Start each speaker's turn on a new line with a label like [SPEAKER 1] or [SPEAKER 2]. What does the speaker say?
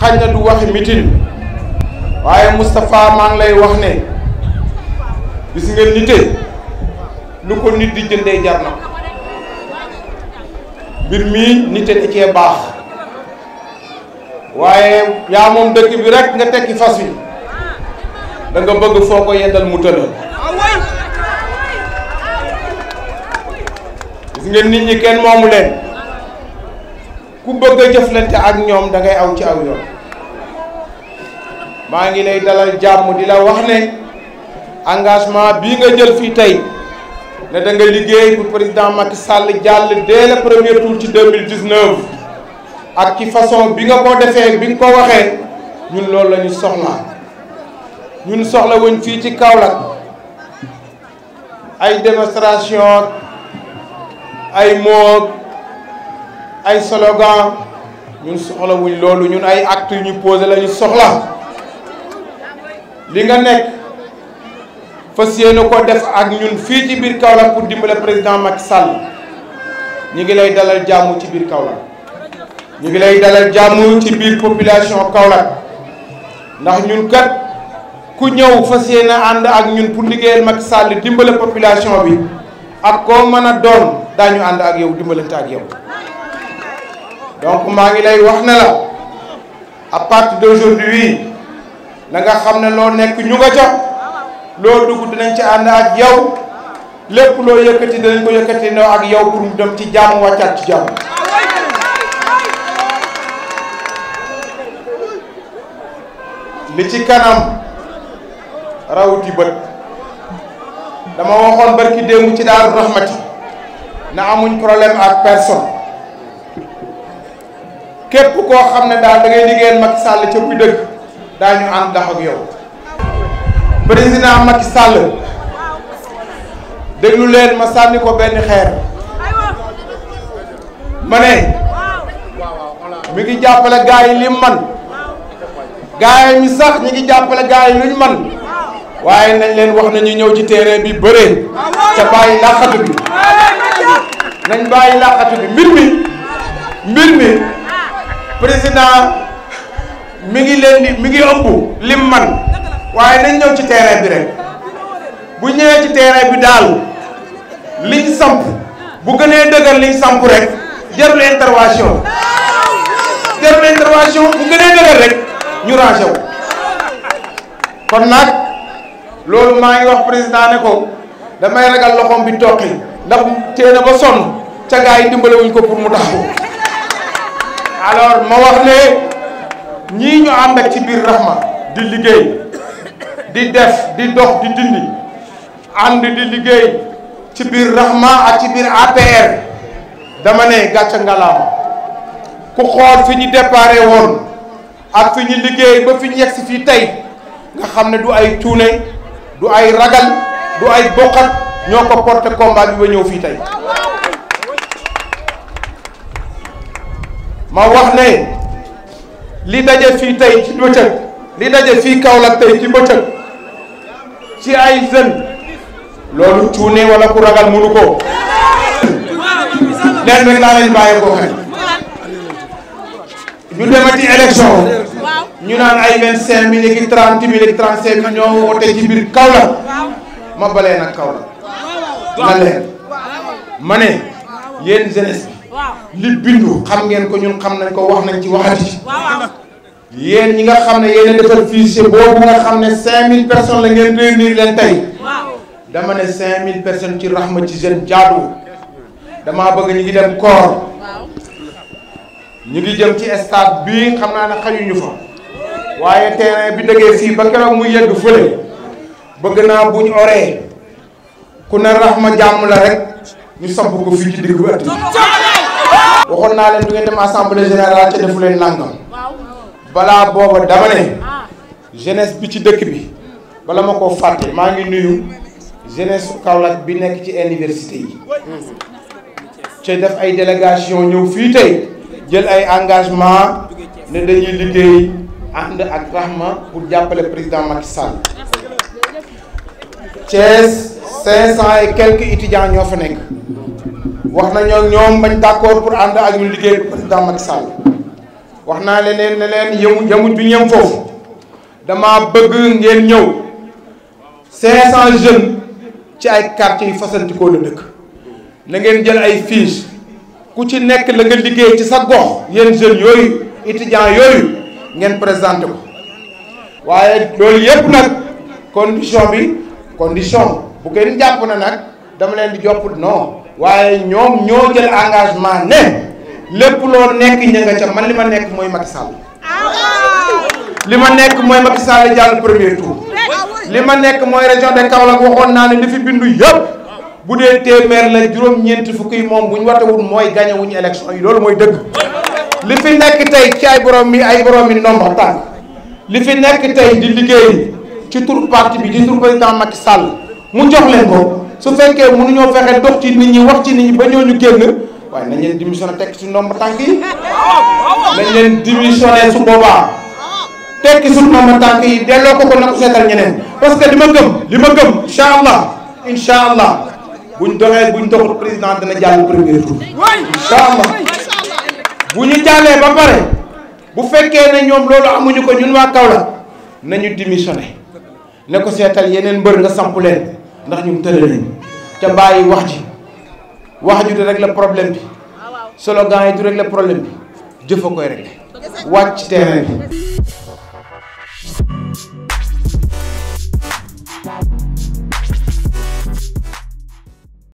[SPEAKER 1] xañ na du waxi mitin waaye Moustapha maa ngi lay wax ne gis nga nite lu ko nit di jëndee jar na mbir mii nite da cee baax waaye yaa moom dëkk bi rek nga tekki fas wi danga nga bëgg foo ko yeddal mu tëral ngeen nit ñi kenn moomu leen ku bëgg a jëflante ak ñoom da ngay aw ci aw yoon maa ngi lay dalal jàmm di la wax ne engagement bii nga jël fii tey ne da nga liggéey bu président Macky Sall jàll dès le premier tour ci 2019 ak ci façon bi nga ko defee bi nga ko waxee ñun loolu la ñu soxla ñun soxla wuñ fii ci Kaolack ay démonstration ay mots ay slogan ñun soxla wuñ loolu ñun ay actes yu ñu posé la ñu soxla li nga nekk fas yéene ko def ak ñun fii ci biir Kaolack pour dimbale président Macky Sall ñu ngi lay dalal jàmm ci biir Kaolack ñu gi lay dalal jàmm ci biir population Kaolack ndax ñun kat ku ñëw fas yéene ànd ak ñun pour liggéeyal Macky Sall dimbale population bi ak koo mën a doon daañu ànd ak yow dimbalante ak yow donc maa ngi lay wax ne la à partir d'aujourd'hui na nga xam ne loo nekk ñu nga ca loo dugg dinañ ci ànd ak yow lépp loo yëkkati dinañ ko yëkkati noo ak yow pour mu ci jàmm wàccaat ci jàmm li ci kanam rawuti bët dama waxoon barki démb ci daaru raxmati na amuñ problème ak person képp koo xam ne daal da ngay liggéeyal Macky Sall ca bu dëgg daañu ànd dax ak yow président Macky Sall déglu ma sànni ko benn xeer ma ne mi ngi jàppale gars yi li man gars yi mi sax ñi ngi jàppale gars yi luñ man waaye nañ leen wax nañu ñëw ci terrain bi bëree ca bàyyi làqatu bi nañ bàyyi làqatu bi mbir mi mbir mi président mi ngi leen mi ngi ëmb lim man waaye nañ ñëw ci terrain bi rek bu ñëwee ci terrain bi daal liñ samp bu gënee dëgër liñ samp rek jarul intervention jarul intervention bu gënee dëgër rek ñu rangé kon nag loolu maa ngi wax président ne ko damay ragal loxoom bi toqi ndax tee na ba sonn ca gaa yi dimbale ko pour mu taxaw alors ma wax ne ñii ñu ànd ak ci biir Rahma di liggéey di def di dox di dindi ànd di liggéey ci biir Rahma ak ci biir APR dama ne gàcce ngalaama ku xool fi ñu déparé woon ak fi ñu liggéey ba fi ñu yegg fii tey nga xam ne du ay cuune du ay ragal du ay bokkat ñoo ko porté combat bi ba ñëw fii tey ma wax ne li daje fii tey ci bëccëg li daje fii Kaolack tey ci bëccëg ci ay jeunes loolu cuune wala ku ragal mënu ko leen rek laa leen bàyyi ko xel ñu demati élection ñu naan ay vingt cinq mille ak trente mille ak trente cinq mille ñoo woote ci biir Kaolack ma balee nag Kaolack ma leen ma ne yéen jeunesse bi li bindu xam ngeen ko ñun xam nañ ko wax nañ ci waxati yéen ñi nga xam ne yéen a defal fichier boobu nga xam ne cinq mille personnes la ngeen réunir leen tey dama ne cinq mille personnes ci raxma ci jeune jaadu damaa bëgg ñu ngi dem koor ñu di jëm ci stade bii xam naa ne xañuñu fa waaye terrain bi dëggee fii ba keroog mu yegg fële bëgg naa buñ oree ku ne Rahma jàmm la rek ñu samp ko fii ci naa leen du ngeen dem assemblée générale ca defu balaa booba dama bi ci dëkk bi bala ma ko fàtte maa ngi nuyu jeunesse su Kaolack bi nekk ci université yi ca def ay délégation ñëw fii tey jël ay engagement ne dañuy liggéey ànd ak Rahma pour jàppale président Macky Sall Thiès cinq cent et quelques étudiants ñoo fa nekk wax nañoo ñoom bañ d'accord pour ànd ak ñu liggéey président Macky wax naa leneen ne leen yëmu yëmu du ñëm foofu dama bëgg ngeen ñëw cinq cent jeunes ci ay quartiers yu fasantikoo la dëkk na ngeen jël ay fiches ku ci nekk la nga liggéey ci sa gox yenn jeunes yooyu étudiants yooyu ngeen présenté ko waaye loolu yëpp nag condition bi condition bu kenn jàpp na nag dama leen di jopp noo waaye ñoom ñoo jël engagement ne lépp loo nekk ña nga ca man li ma nekk mooy Macky Sall li ma nekk mooy Macky Sall jàll premier tour li ma nekk mooy région de Kaolack waxoon naa ne li fi bindu yëpp bu dee téeméer la juróom-ñeenti fukki moom bu ñu watewul mooy gañewuñu élection yi loolu mooy dëgg li fi nekk tey ci ay borom mi ay borom mi nombre tànk li fi nekk tey di liggéey ci turu parti bi di turu président Macky Sall mu jox leen ko su fekkee mënuñoo fexe dox ci nit ñi wax ci nit ñi ba ñooñu génn waaye nañ leen démissionné tekki suñu nombre tànk yi nañ leen démissionné su boobaa tekki suñu nombre tànk yi delloo ko ko na seetal ñeneen parce que li ma gëm li ma gëm incha allah incha allah buñ doxee buñ doxul président dina jàll premier tour allah. bu ñu jàllee ba pare bu fekkee ne ñoom loolu amuñu ko ñun waa Kaolack nañu démissionné ne ko seetal yeneen mbër nga samp leen ndax ñun tële nañu ca bàyyi wax ji wax ju du rek la problème bi slogan yi du rek la problème bi jëfa koy rek wàcc terrain bi